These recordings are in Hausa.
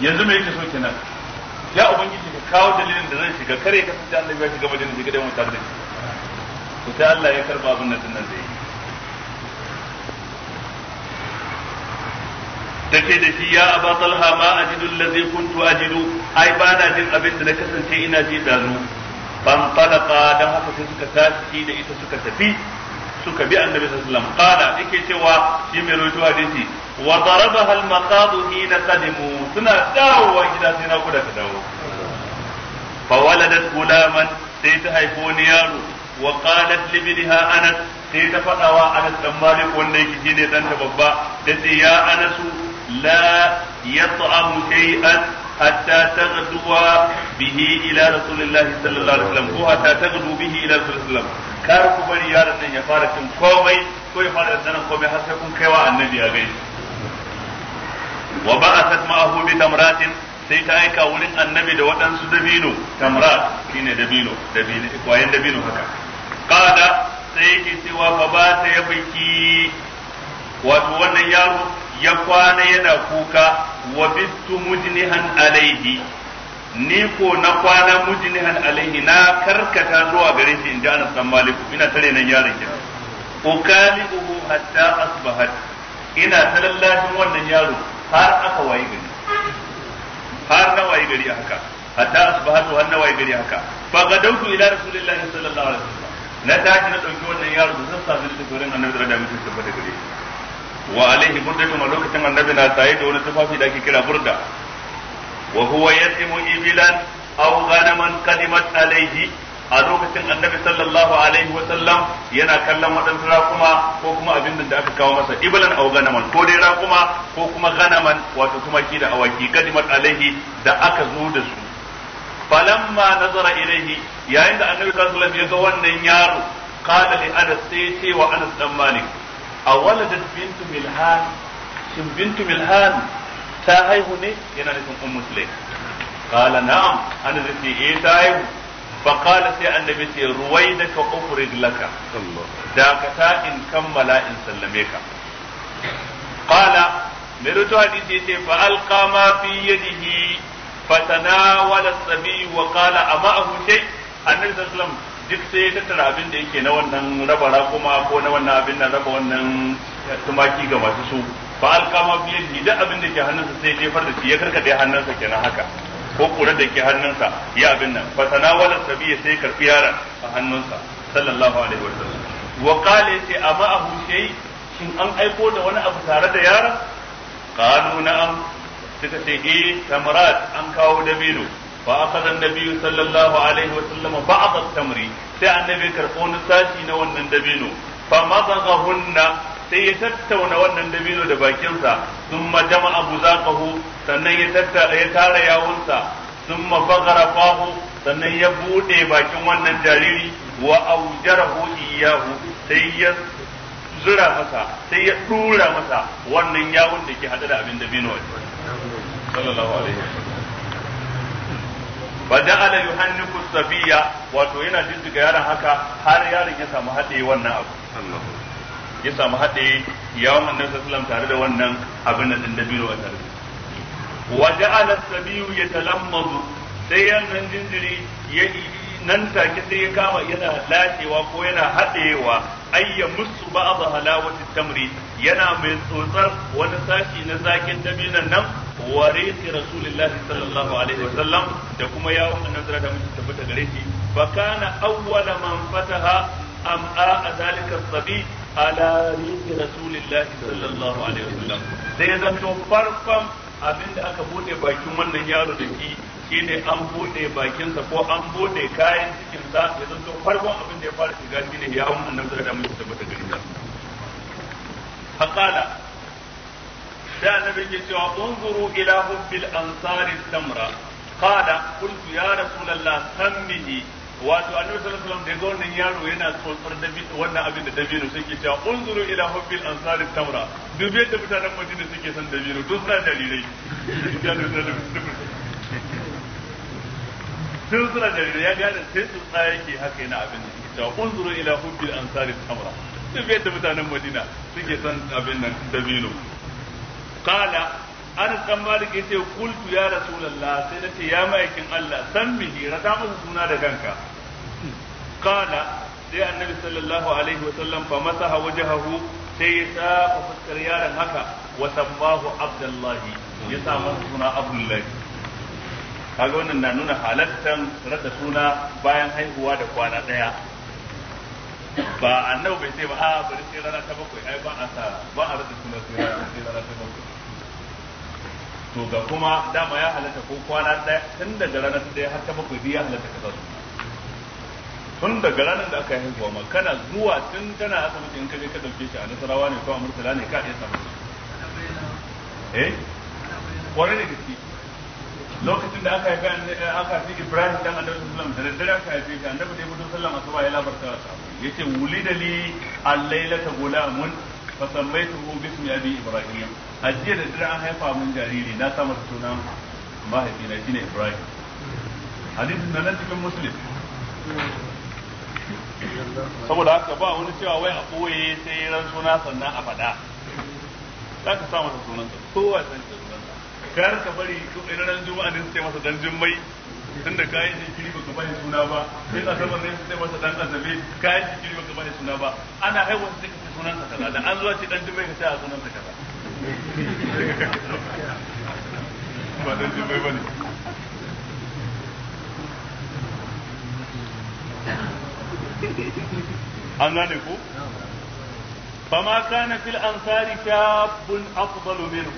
yanzu me yake so kenan ya ubangiji ka kawo dalilin da zan shiga kare ka tsaye ya shiga madina shiga dai mutar da shi to sai Allah ya karba abin nan da zai take da shi ya aba talha ma ajidu allazi kuntu ajidu ai ba na jin abin da na kasance ina ji da ban falaka dan haka sai suka tashi da ita suka tafi suka bi annabi sallallahu alaihi wasallam qala yake cewa shi mai rawaito hadisi wa darabaha al maqadu hina qadimu suna dawowa gida sai na kuda ka dawo fa waladat gulaman sai ta haifo ni yaro wa qalat li binha anas sai ta faɗawa anas dan malik wanda yake shine dan ta babba dace ya anasu la yat'amu shay'an hatta taghduwa bihi ila rasulillah sallallahu alaihi wasallam ko hatta taghdu bihi ila rasulillah kar ku bari yaron nan ya fara cin komai ko ya fara sanin komai har sai kun kaiwa annabi a gaishe wa ba'athat ma'ahu tamratin sai ta aika wurin annabi da waɗansu dabino tamrat shine dabino dabino kwayan dabino haka kada sai yake cewa fa ba ta ya baki wato wannan yaro ya kwana yana kuka wa bittu mujnihan alaihi ni ko na kwana mujnihan alaihi na karkata zuwa gare shi inji Anas dan Malik ina tare nan yaron ki ukalibuhu hatta asbahat ina talallashin wannan yaro har aka wayi gari har na wayi gari haka hatta asbahat har na wayi gari haka fa gadautu ila rasulillahi sallallahu alaihi wasallam na tashi na dauki wannan yaro zan sa da shi gurin annabi da mutum da gare shi wa alaihi burdatun a lokacin annabi na saye da wani tufafi da ake kira burda wa huwa yasimu ibilan aw ghanaman qadimat alaihi a lokacin annabi sallallahu alaihi wa sallam yana kallon waɗansu raƙuma ko kuma abin da aka kawo masa ibilan aw ganaman ko dai raƙuma ko kuma ganaman wato tumaki da awaki qadimat alaihi da aka zo da su falamma nazara ilaihi yayin da annabi sallallahu alaihi wa sallam ya ga wannan yaro qala li anas sai ce wa anas dan malik a waladat bintu milhan shin bintu milhan ta haihu ne yana nufin ummu sulaim qala na'am ana zai ce eh ta haihu fa qala sai annabi ce ruwaidaka ukhrij laka da ka ta in kammala in sallame ka qala mai rutu hadisi yace fa alqa ma fi yadihi fa tanawala as-sabi wa qala ama'ahu shay annabi sallallahu alaihi wasallam duk sai ya tattara abin da yake na wannan raba rakuma ko na wannan abin na raba wannan eh, tumaki ga masu su ba alkama biye ni duk abin da ke hannunsa sai jefar da shi ya da hannunsa kenan haka ko kurar da ke hannunsa ya abin nan fa sanawala sabiya sai karfi yaran a hannunsa sallallahu alaihi wa sallam wa qala sai amma abu shay shin an aiko da wani abu tare da yaran qalu na'am suka ce eh tamarat an kawo dabino فأخذ النبي صلى الله عليه وسلم بعض التمر سي النبي كرفون ساشي فمضغهن sai ya tattauna wannan dabino da bakinsa sun majama abu zaƙahu sannan ya tara yawunsa sun mafagara fahu sannan ya buɗe bakin wannan jariri wa aujarahu iyahu sai ya zura masa sai ya ɗura masa wannan yawun da ke haɗe da abin dabino sallallahu alaihi fa yuhannifu safiya sabiya wato yana jijjiga yaron haka har yaron ya samu haɗe wannan abu ya samu haɗe yawon annabi sallallahu tare da wannan abin da din dabino a tare wa ja'ala sabiyu yatalammazu sai yaron jinjiri ya nan take sai ya kama yana lacewa ko yana haɗewa ayya musu ba'd halawati tamri yana mai tsotsar wani sashi na zakin dabinan nan wa raysi rasulillahi sallallahu alaihi wasallam da kuma ya annabi sallallahu da wasallam tabbata gare shi fa kana awwala man fataha am'a zalika as-sabi ala raysi rasulillahi sallallahu alaihi wasallam sai zanto farkon da aka bude bakin wannan yaro da shi shine an bude bakinsa ko an bude kayan cikin cikinsa ya zanto farkon abin da ya fara shiga shine yawon annabi sallallahu alaihi wasallam tabbata gare shi faqala sai annabi ke cewa unzuru ila hubbil ansari samra qala qultu ya rasulullah sammihi wato annabi sallallahu alaihi wasallam da wannan yaro yana tsotsar da wannan abin da dabino suke cewa unzuru ila hubbil ansari samra dubi yadda mutanen madina suke son dabino to suna jarirai tun suna jarirai ya gane sai su tsaya yake haka yana abin da suke cewa unzuru ila hubbil ansari samra dubi yadda mutanen madina suke son abin nan dabino kala an da malik yace kultu ya rasulullah sai nace ya ma'aikin Allah san bihi ta mu suna da kanka kala sai annabi sallallahu alaihi wa sallam fa masaha wajhahu sai ya saba fuskar yaron haka wa sammahu abdullahi ya sa suna abdullahi kaga wannan na nuna halattan rada suna bayan haihuwa da kwana daya ba annabi bai ce ba a bari sai rana ta bakwai ai ba a sa ba a rasa suna sai rana sai rana ta bakwai to ga kuma dama ya halatta ko kwana ɗaya tun daga rana ta ɗaya har ta bakwai biya halatta ka zasu tun daga ranar da aka yi haihuwa ma kana zuwa tun tana asibiti in ka je ka dauke shi a nasarawa ne ko a murtala ne ka iya samu eh kwarai da gaske lokacin da aka haifi aka haifi Ibrahim dan Annabi sallallahu alaihi wasallam da daddare aka haife shi Annabi da ya fito sallan asuba ya labarta wa sahabbai yace wulida li al-lailata gulamun fa sammaytuhu ismi abi ibrahim ajiya da dira an haifa mun jariri na sa masa sunan mahaifina shine ibrahim hadisin nan cikin muslim saboda haka ba wani cewa wai a koye sai ran suna sannan a faɗa za ka sa masa sunansa kowa san sunansa kar ka bari ran juma'a din sai masa dan jummai tun da kayan jikiri baka bai suna ba sai a saman ne sai masa dan azabe kayan jikiri baka bai suna ba ana haihuwa sai ka sunan sa kaza da an zuwa ce dan dubai ka sai a sunan sa kaza ba dan dubai bane an gane ko فما كان في الأنصار شاب أفضل منه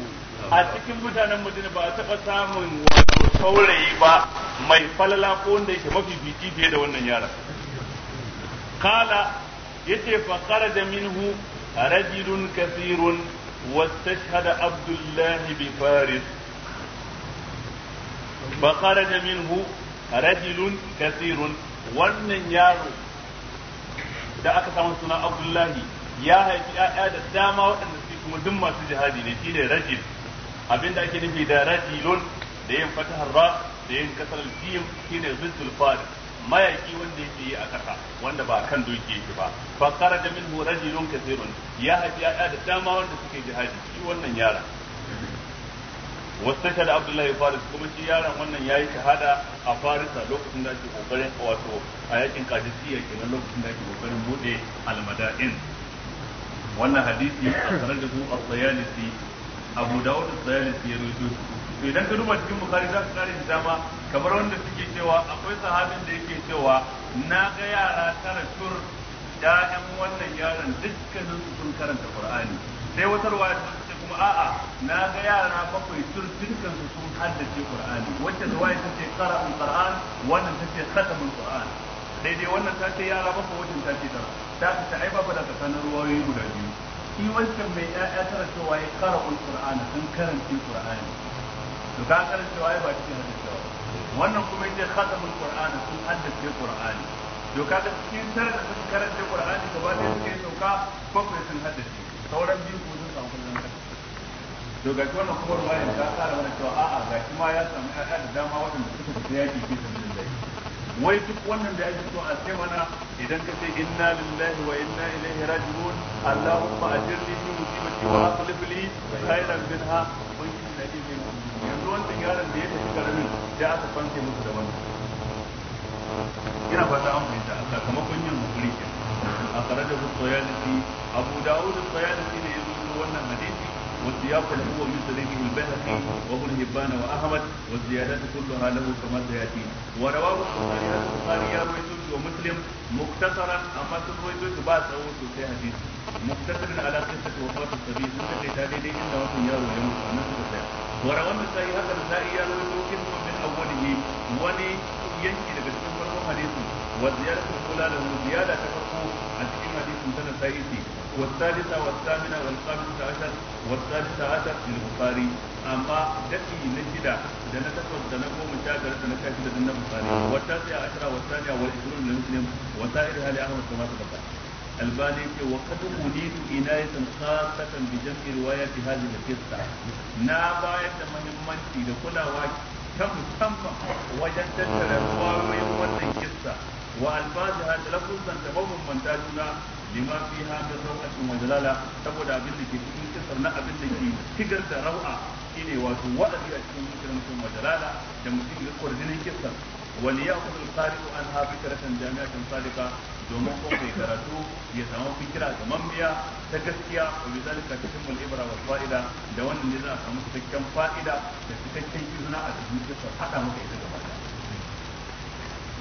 a cikin mutanen madina ba a taɓa samun wato saurayi ba mai falala ko wanda yake mafi biki fiye da wannan yara kala yace fa kharaja minhu rajulun kathirun واستشهد عبد الله da فخرج منه رجل kasirun wannan yaro da aka samu suna abdullahi ya haifi ya'ya da dama waɗanda su kuma duk masu jihadi ne shi ne rajil abinda ake nufi da rajilun da yin fatahar ra da yin kasar jim shine ziddul fadi mayaki wanda yake yi a kasa wanda ba kan doki yake ba fa kharaja minhu rajulun kathirun ya haifi ya da dama wanda suke jihadi shi wannan yara wastashhad abdullahi faris kuma shi yaron wannan yi shahada a farisa lokacin da ake kokarin wato a yakin qadisiyya nan lokacin da ake kokarin bude almada'in wannan hadisi a sanadahu as-sayalisi abu dawud al-sayalisi ya rubuto to idan ka duba cikin bukhari za ka kare dama kamar wanda suke cewa akwai sahabin da yake cewa na ga yara tara tur ya'yan wannan yaron dukkanin su sun karanta qur'ani sai wata ruwaya ta ce kuma a'a na ga yara bakwai tur dukkan su sun haddace qur'ani wacce ruwaya ta ce qara'ul qur'an wannan ta ce khatamul qur'an daidai wannan ta ce yara bakwai wajen ta ce tara ta ta ai ba da kasanar ruwayoyi guda biyu shi wancan mai ya'ya tara cewa ya kara qur'ana sun karanta qur'ani to ka kara cewa ba cikin hadisi wannan kuma yace khatamul qur'ana sun haddace qur'ani to kaga cikin tara da sun karanta qur'ani gaba ɗaya suka yi ko bakwai sun haddace sauran biyu ko sun samu kullum to ga wannan kuma ruwayan ya kara wannan cewa a'a ga kuma ya samu ƴaƴa da dama waɗanda suka da yaki bisa wai duk wannan da ake so a ce mana idan ka ce inna lillahi wa inna ilaihi raji'un allahumma ajirni min musibati wa aslif li khairan minha ubangiji na jin yanzu wannan yaron da ya tafi karamin da aka fanke musu da wannan ina fata an fahimta Allah kamar kun yin mukuri a kare da su soyalisi abu da'ud soyalisi ne ya zo wannan hadisi والسياق له هو من ومسلمه البهقي وابن هبان واحمد والزيادات كلها له كما سياتي ورواه البخاري البخاري يا رويته ومسلم مختصرا اما رويته بعد او في حديث مختصر على قصه وفاه الصبي سنه لتالي ان وقت يا رويته وروى النسائي هذا النسائي يا رويته من اوله ولي ينكي لبسكم حديث والزياده الاولى له زياده تفقه حديث سنة سائسي والثالثة والثامنة والخامسة عشر والسادسة عشر في البخاري أما دكي نجدة دنا تفرد دنا قوم شاكرة دنا كاشدة دنا البخاري والتاسعة عشرة والثانية والعشرون لمسلم وسائرها لأحمد كما تقدم الباني وقد أوليت عناية خاصة بجمع رواية هذه القصة ناباية مهمتي لكل واحد ta musamman wajen tattara ruwayoyin wannan kissa wa alfazi ha da lafuzan da mabambanta juna bima fiha min raw'atin wa saboda abin da ke cikin kisar na abin da ke tigar da rau'a shine wato wadabi a cikin kisar mutum wa jalala da mutum ya wani kisar wal ya'khudh al-qari'u an hafikratan jami'atan sadiqa domin ko mai karatu ya samu fikira da mambiya ta gaskiya wa bi zalika tatimmu al-ibra wa fa'ida da wannan ne za a samu cikakken fa'ida da cikakken izina a cikin kisar hada maka ita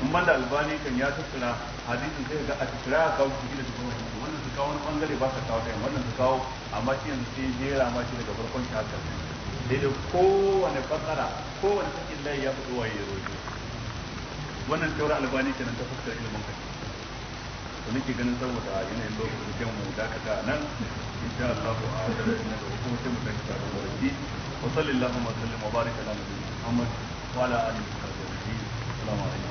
in ban da albani kan ya tattara hadisin sai ga a tattara a kawo shi da tukun hadisi wannan su kawo wani bangare ba su kawo kai wannan su kawo amma shi yanzu sai jera ma shi daga farkon shi haka daidai kowane fakara kowane cikin layi ya fito waye ya rojo wannan taurin albani kenan ta fuskar ilimin kai to nake ganin saboda yanayin lokacin da mu dakata nan insha Allah a cikin da hukumar mu ta tsara da wani wa sallallahu wa sallam wa baraka ala nabiyina Muhammad wa ala alihi wa sahbihi assalamu alaikum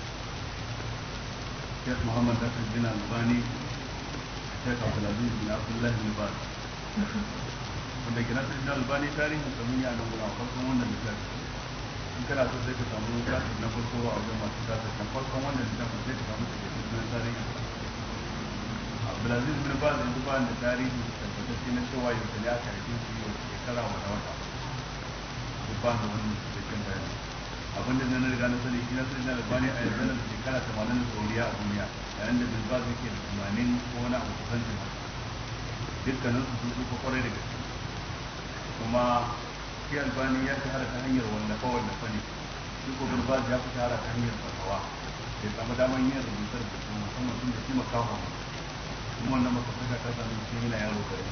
شيخ محمد دخل بن الباني شيخ عبد العزيز بن عبد الله بن باز عندما كانت بن الباني تاريخ سمي على مناقل كمان النجاح ان abinda na riga na sani shi na sani na albani a yanzu na shekara tamanin da tsoriya a duniya yayin da bin ba yake da tunanin ko wani abu kusancin dukkanin su sun tsufa kwarai da gaske kuma shi albani ya shahara ta hanyar wallafa wallafa ne shi ko bin ya fi shahara ta hanyar fasawa da samu damar yin rubutar da su musamman sun da shi makawa kuma wannan makasaka ta zama shi yana yaro kare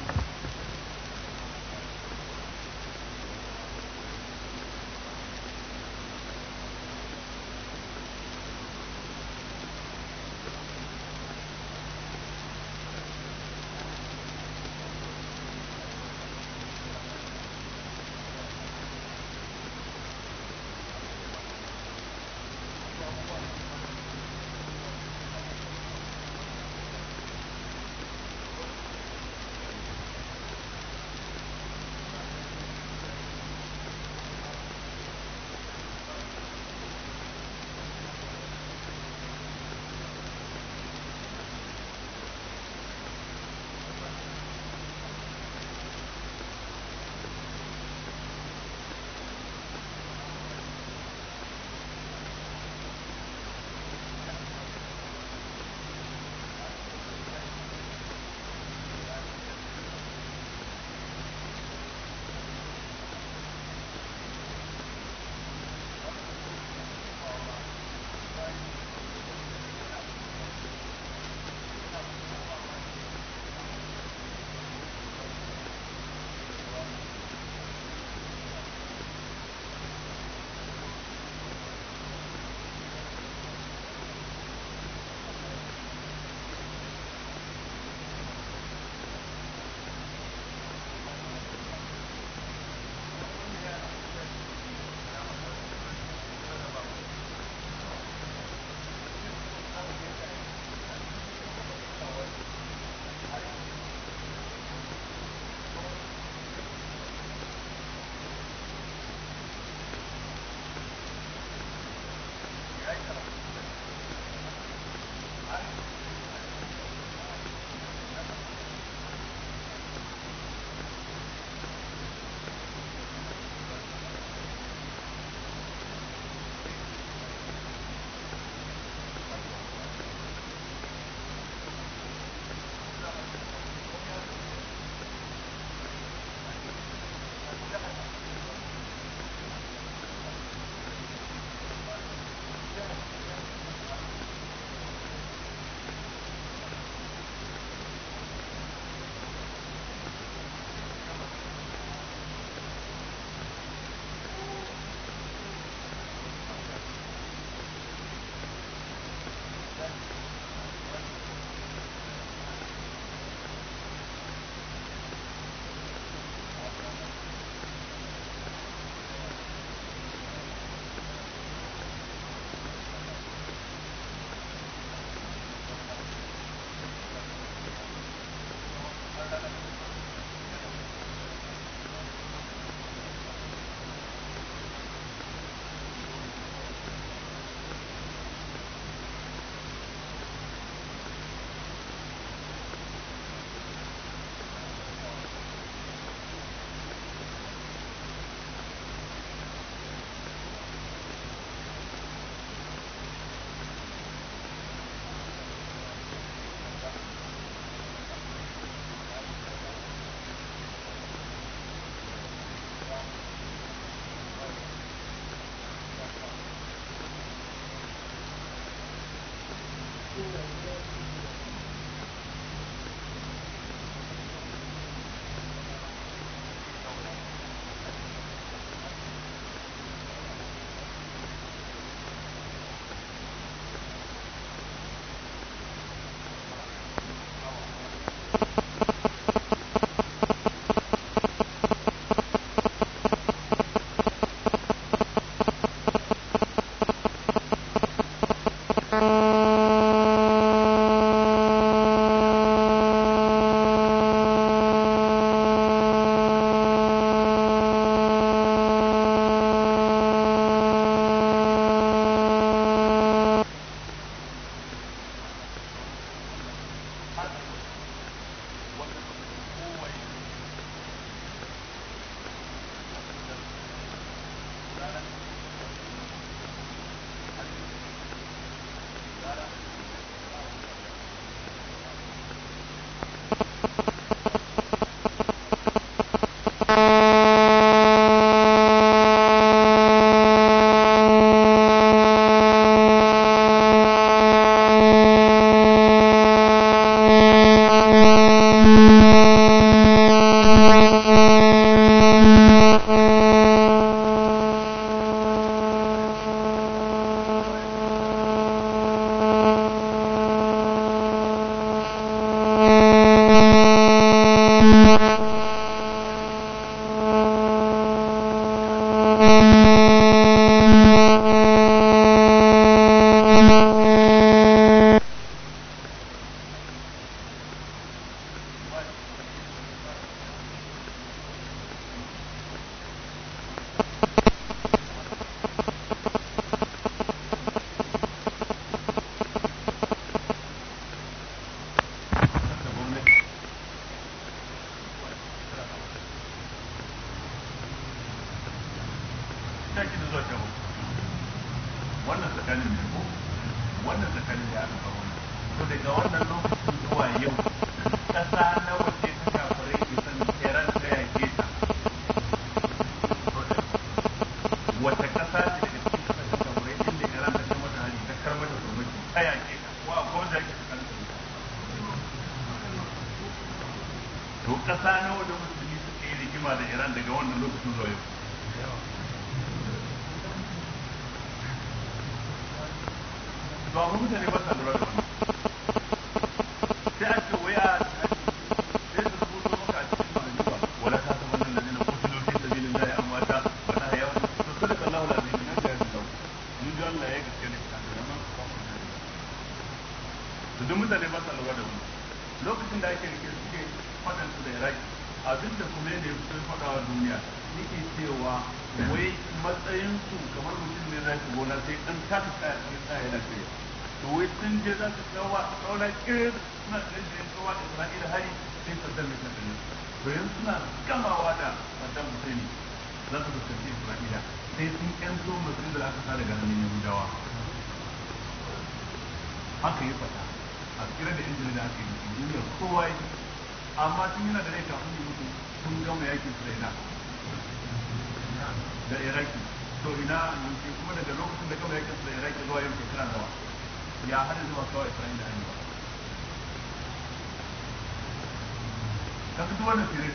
ka fito wannan fere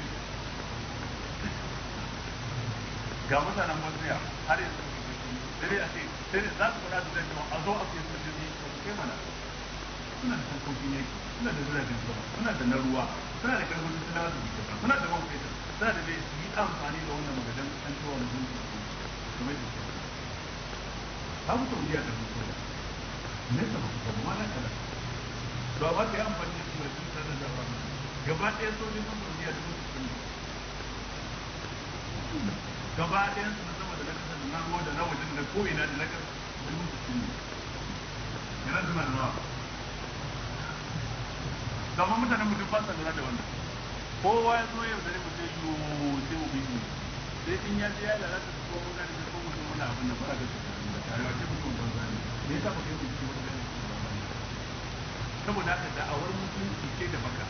ga mutanen bosniya har yanzu sai dai a ce sai dai za su kula da zai a zo a ce su jirgi to su kai mana suna da tankokin yaki suna da jiragen sama suna da na ruwa suna da karfin suna da suna da man fetur suna da bai yi amfani da wannan magajen an cewa da zuciya kamar da ke ta mutum biya da mutum ne ta mutum ma na Su to amma ta yi amfani da shi da sun sanar da gaba ɗaya sojojin saudiya da su ne gaba ɗaya su sama da na kasar na ruwa da na wajen da ko'ina da na kasar da su ne yana suna da nawa gama mutanen mutum ba sa lura da wannan kowa ya zo yau da mu sai yiwu sai mu sai in ya je ya lalata ko mutane da ko mutum wani abin da ba ga su da tarewa ce mutum ban zani me yasa ba kai mu ci wani saboda haka da'awar mutunci ce da baka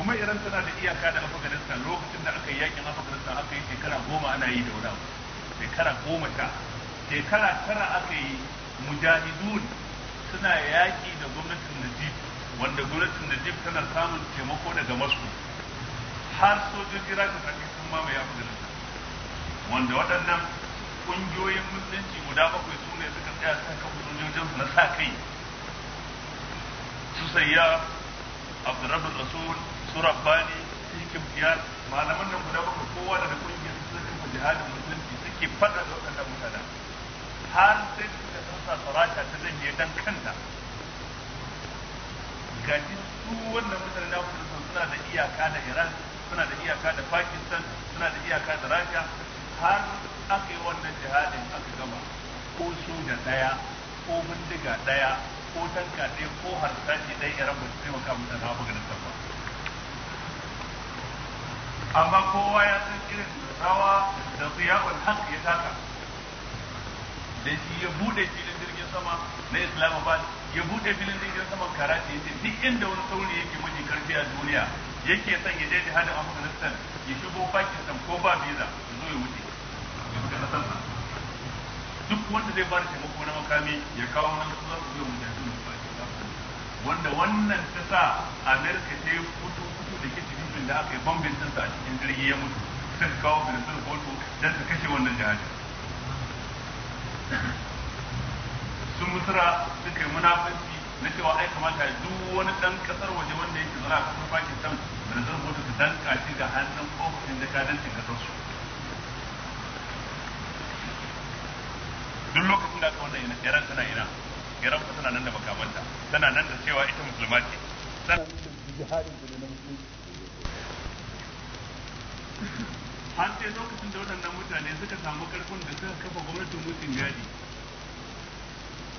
kuma iran tana da iyaka da afganistan lokacin da aka yi yakin afganistan aka yi shekara goma ana yi da wani shekara goma ta shekara tara aka yi mujahidun suna yaƙi da gwamnatin najib wanda gwamnatin najib tana samun taimako daga masu har sojojin ta tsaki sun mamaye afganistan wanda waɗannan ƙungiyoyin musulunci guda bakwai su ne suka tsaya suka kafa sojojin na sa kai su sayya abdurrahman rasul su bani cikin biyar malaman nan guda bakwai kowa da kungiyar su suka kafa jihadin musulunci suke fada da waɗannan mutanen har sai sun sa sarata ta zanye dan kanta gaji su wannan mutane na afirka suna da iyaka da iran suna da iyaka da pakistan suna da iyaka da rasha har aka yi wannan jihadin aka gama ko soja daya ko bindiga daya ko tanka ɗaya ko harsashi ɗaya iran ba su taimaka mutane a da ba amma kowa ya san irin rawa da ziyawar haka ya taka da shi ya bude filin jirgin sama na islamabad ya bude filin jirgin saman Karati. yake duk inda wani sauri yake mafi karfi a duniya yake son ya je hadin afghanistan ya shigo pakistan ko ba visa zo ya wuce duk wanda zai bada taimako na makami ya kawo nan su za su shi ba. wanda wannan ta sa amerika ta yi kudu lokacin da aka yi bambin dinsa a cikin jirgi ya mutu sai su kawo bin Venezuela Bolto don su kashe wannan jihadi sun mutura suka yi munafanci na cewa ai kamata ya duk wani dan kasar waje wanda yake zara a kasar Pakistan Venezuela Bolto su dan kashi da hannun ofishin da jakadancin kasar su duk lokacin da aka wannan yaran tana ina Iran tana nan da makamanta tana nan da cewa ita musulma ce tana nan da jihadin da har sai lokacin da waɗannan mutane suka samu karfin da suka kafa gwamnatin mutum gadi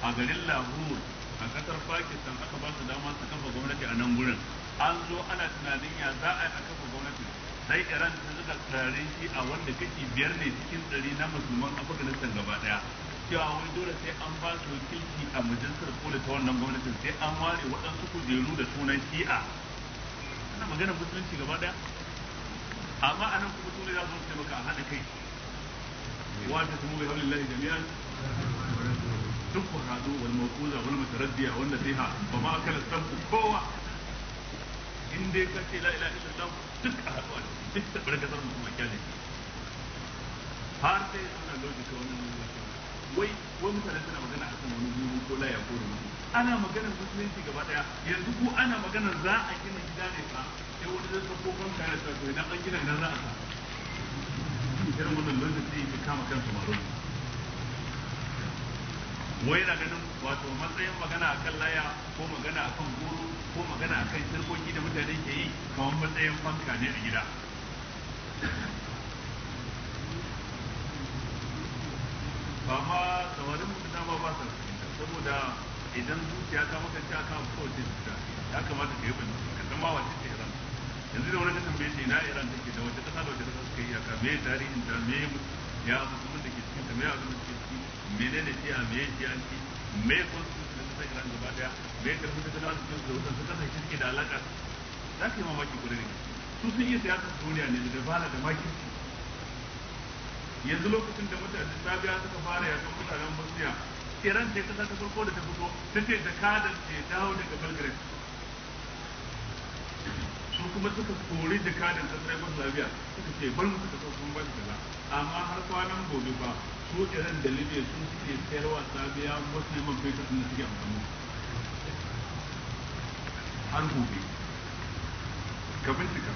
a garin Lahur, a ƙasar pakistan aka ba su dama su kafa gwamnati a nan gurin an zo ana tunanin ya za a kafa gwamnati sai iran ta zuka tsarin shi a wanda kashi biyar ne cikin tsari na musulman afganistan gaba daya cewa wai dole sai an ba su wakilci a majalisar kula ta wannan gwamnatin sai an ware waɗansu kujeru da sunan shi'a ana maganar musulunci gaba daya amma nan kuma sune za su ce maka a haɗa kai wata su hamlin hablillahi jami'an duk ku hadu wal wani wal wanda wal nasiha ba ma akala sabku kowa in dai ka ce la ilaha illallah duk a haɗu a duk da barkatar mutum a kyale har sai suna wani wannan mutum wai wani mutane suna magana a kan wani guru ko laya ko rumu ana maganar musulunci gaba daya yanzu ko ana maganar za a gina gida ne fa sai ya idan an gina nan a wai ganin wato magana akan laya ko magana ko magana sirkoki da mutane ke yi kamar matsayin fanka ne gida ba ma samarin ba saboda idan zuciya ta makance akan kowace zuciya ya kamata ka yi bincike ka san ma ce yanzu da wani ta tambaye shi na iran take da wata kasa da wata kasa suka yi aka me tarihin ta me ya abubuwan da ke cikin ta me abubuwan da ke ciki menene shi a me shi an ci me constitution da kasar iran gaba daya me karfi ta kana arzikin su da wutan su kasance suke da alaka za ka yi mamaki kwarai da su sun iya siyasar duniya ne da dabara da makirci yanzu lokacin da mutane sabiya suka fara yakan mutanen bosniya iran ce kasa ta farko da ta fito ta ce da kadan ce dawo daga belgrade su kuma suka kori jakadan kasar Yugoslavia suka ce bar mu suka so sun bar kaza amma har kwanan gobe ba su irin da Libya su suke sayarwa Sabiya wasu neman fetur din da suke amfani har gobe ka bincika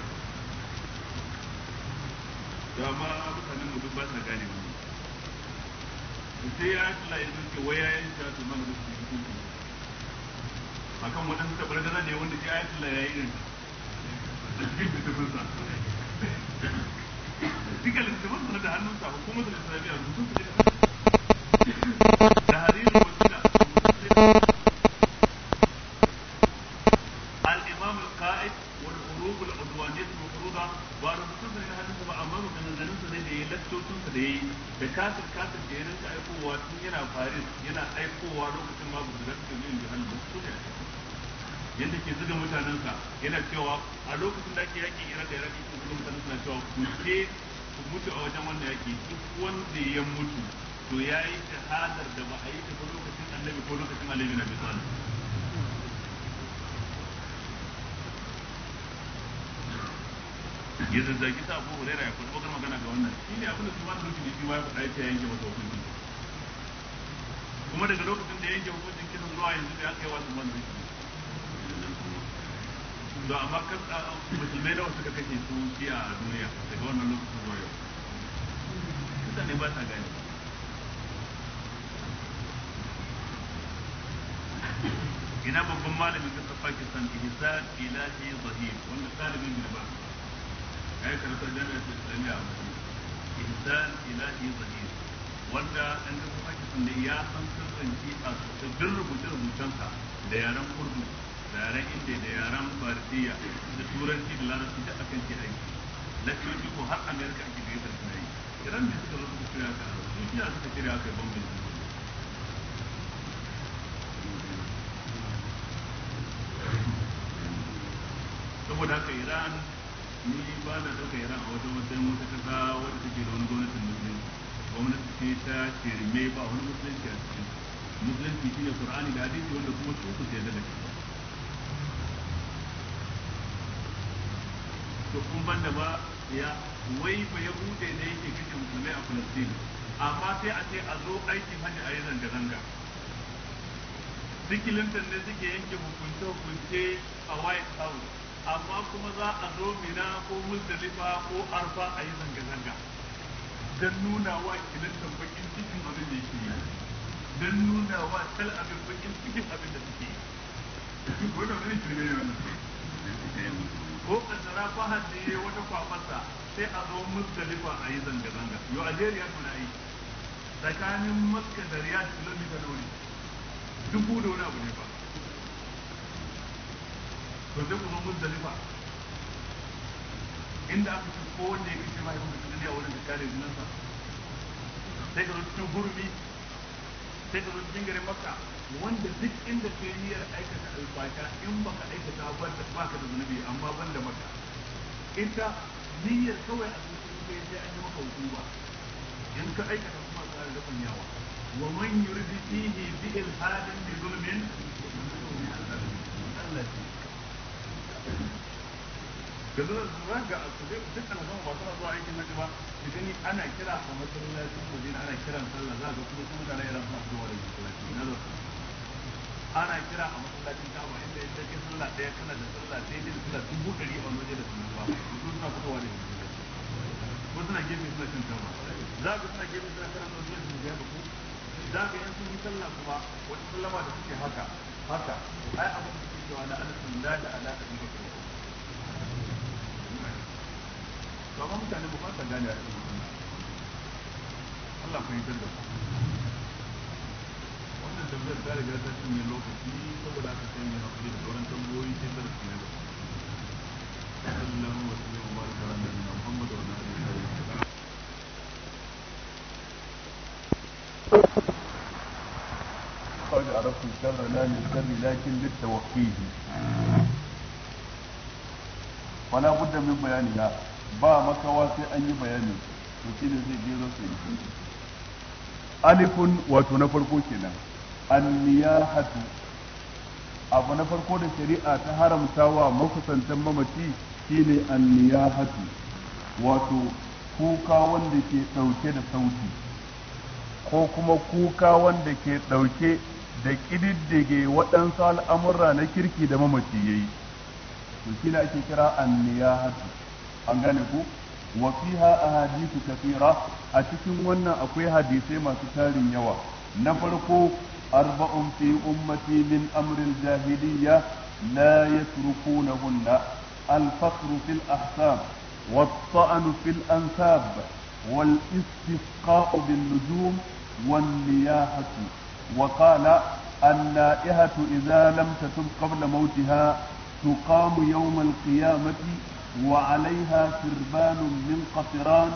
da ma mutanen gobe ba sa gane mu sai ya Allah sun zuke waya ya ta tuma da mutum akan waɗansu tabbatar da ne wanda ya yi ya yi irin da cikin da hannunsa hukumar da islamiyya ya zazzagi ta abu hurera ya kuma bakar magana ga wannan shi ne abin da shi ma ya faɗa ya yanke masa hukunci kuma daga lokacin da yanke hukuncin kisan zuwa yanzu da wasu man da amma kan musulmai da wasu ka kashe su shi a duniya daga wannan lokacin zuwa yau mutane ba sa gane ina babban malamin kasar pakistan ihsan ilahi zahir wanda talibin ba na yi karfar jami'ar islamiyya a mutum ihsan ilahi zahir wanda an ga kuma kisan da ya an kasance a duk rubuce-rubucensa da yaren urdu da yaren inda da yaren farisiya da turanci da larabci da akan ke aiki na coci ko har amerika ake da yasar suna yi iran da suka zo suka shirya ka duniya suka shirya ka bambin saboda haka iran aka yi a wata matsayin wata kasa wadda take da wani gwamnatin musulunci gwamnati ce ta shirme ba wani musulunci a cikin musulunci ne qur'ani da hadisi wanda kuma su su ce daga cikin to kun da ba ya wai ba ya bude da yake kashe musulmai a Palestine amma sai a ce a zo aikin hajji a yi zanga-zanga sikilin ne suke yanke hukunce-hukunce a White House amma kuma za a zo mina ko muzdalifa ko arfa a yi zanga-zanga don nuna wa kilantar bakin cikin abin da yake yi don nuna wa tal abin bakin cikin abin da suke yi wannan wani shirme ne wannan ko kaddara fahad ne wata kwafarsa sai a zo muzdalifa a yi zanga-zanga yau algeria kuna yi tsakanin maska da riyad kilomita nawa ne dubu da wani abu ne ba to sai mun zo muzdalifa inda aka ce ko wanda ya kace mai hukunci duniya wurin da kare junansa sai ka zo cikin hurmi sai ka zo cikin garin makka wanda duk inda ke yi niyyar aikata alfasha in baka aikata ba da baka da zunubi amma ban da makka ita niyyar kawai a cikin kai sai an yi maka hukuma in ka aikata kuma ka da yawa wa man yurdi fihi bi ilhadin bi zulmin Allah ga zuwa za ga su zai duk al'umma ba suna zuwa aikin hajji ba su gani ana kira a masallacin madina ana kiran sallah za ga kuma su mutane irin suna fitowa da masallaci na zuwa ana kira a masallacin kama inda ya ke sallah ɗaya kana da sallah daidai da sallah dubu ɗari a waje da sun zuwa su suna fitowa da masallaci ko suna gefe suna cin kama za ga suna gefe suna kiran sallah su ga ku za ga yan sun yi sallah kuma wata sallama da suke haka haka ai abin cewa na alfin la da alaka bi da to amma mutane ba sa gane a wannan Allah yi da ku wannan tambayar ta riga ta cinye lokaci saboda aka sai mai hakuri da sauran tambayoyi sai ta rasu ne ba sallallahu alaihi wa sallam ala nabiyina muhammad wa ala alihi الشر لا للشر لكن للتوقيه فلا بد من بيانها با مكوا سي أن بياني وشين زي جيرو سي ألف وتنفر كوكنا النياحة abu na farko da shari'a ta haramta wa makusantan mamaci shine anniyahatu wato kuka wanda ke ɗauke da sauti ko kuma kuka wanda ke ɗauke da ƙididdige waɗansu al'amurra na kirki da mamaci ya yi to shi ake kira anniyahatu an gane ku wa fiha ahadithu kathira a cikin wannan akwai hadisai masu tarin yawa na farko arba'un fi ummati min amril jahiliyya la yatrukunahunna الفخر في الأحساب wal في bin nujum بالنجوم والنياحة وقال اللائحة إذا لم تتب قبل موتها تقام يوم القيامة وعليها سربان من قطران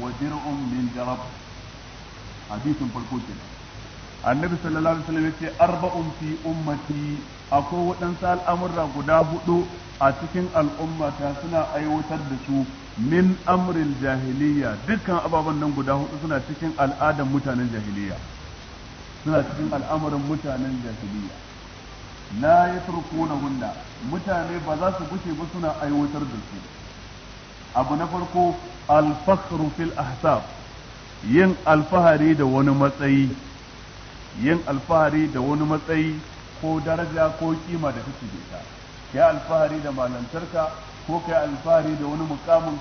ودرع من جرب حديث فالكوتين annabi sallallahu alaihi wasallam yace arba'un fi ummati akwai waɗansa al'amurra guda huɗu a cikin al'ummata suna aiwatar da su min amril jahiliya dukkan ababen nan guda hudu suna cikin al'adar mutanen jahiliya suna cikin al'amarin mutanen jahiliya la yatrukuna hunna mutane ba za su gushe ba suna aiwatar da su abu na farko al-fakhru fil ahsab yin alfahari da wani matsayi yin alfahari da wani matsayi ko daraja ko kima da kake da ita kai alfahari da malantarka ko kai alfahari da wani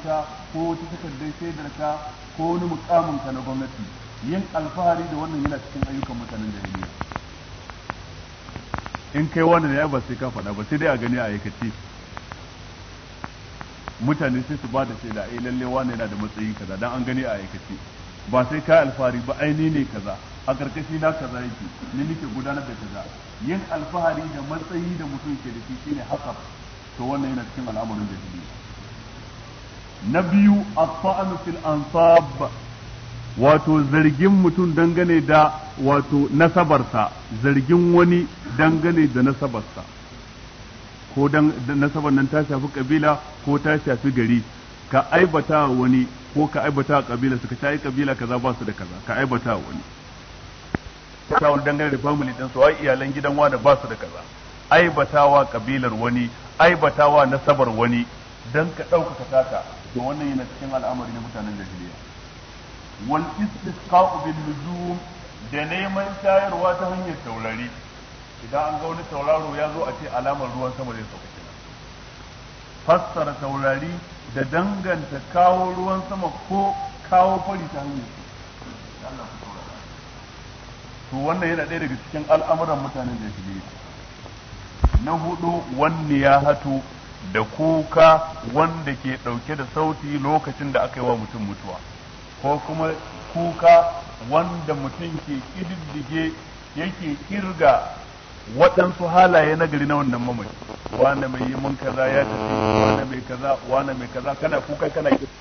ka ko wata takardar shaidarka ko wani ka na gwamnati yin alfahari da wannan yana cikin ayyukan mutanen jahiliya in kai wani ya ba sai ka faɗa ba sai dai a gani a aikace mutane sai su ba da shaida ai eh, lalle wani yana da matsayi kaza dan an gani a aikace ba sai ka alfahari ba aini ne kaza a karkashi na kaza yake ni nake gudanar da kaza yin alfahari da matsayi da mutum ke da shi shine haka to wannan yana cikin al'amarin jahiliya na biyu as-sa'nu fil ansab wato zargin mutum dangane da wato nasabarsa zargin wani dangane da nasabarsa ko dan nasabar nan ta shafi kabila ko ta shafi gari ka aibata wani ko ka aibata kabila suka ta yi kabila kaza ba su da kaza ka aibata wani ta wani dangane da family din su ai iyalan gidan wani ba su da kaza aibatawa kabilar wani aibatawa nasabar wani dan ka dauka ta to wannan yana cikin al'amari na mutanen jahiliya wal istisqa'u da neman shayarwa ta hanyar taurari idan an ga wani tauraro ya zo a ce alamar ruwan sama zai sauka kenan fassara taurari da danganta kawo ruwan sama ko kawo fari ta hanyar to wannan yana ɗaya daga cikin al'amuran mutanen da yi. na hudu wanne ya hatu da kuka wanda ke ɗauke da sauti lokacin da aka yi wa mutum mutuwa ko kuma kuka wanda mutum ke kididdige yake kirga waɗansu halaye na gari na wannan mamaki wane mai yi mun kaza ya tafi wane mai kaza wane mai kaza kana kuka kana kirga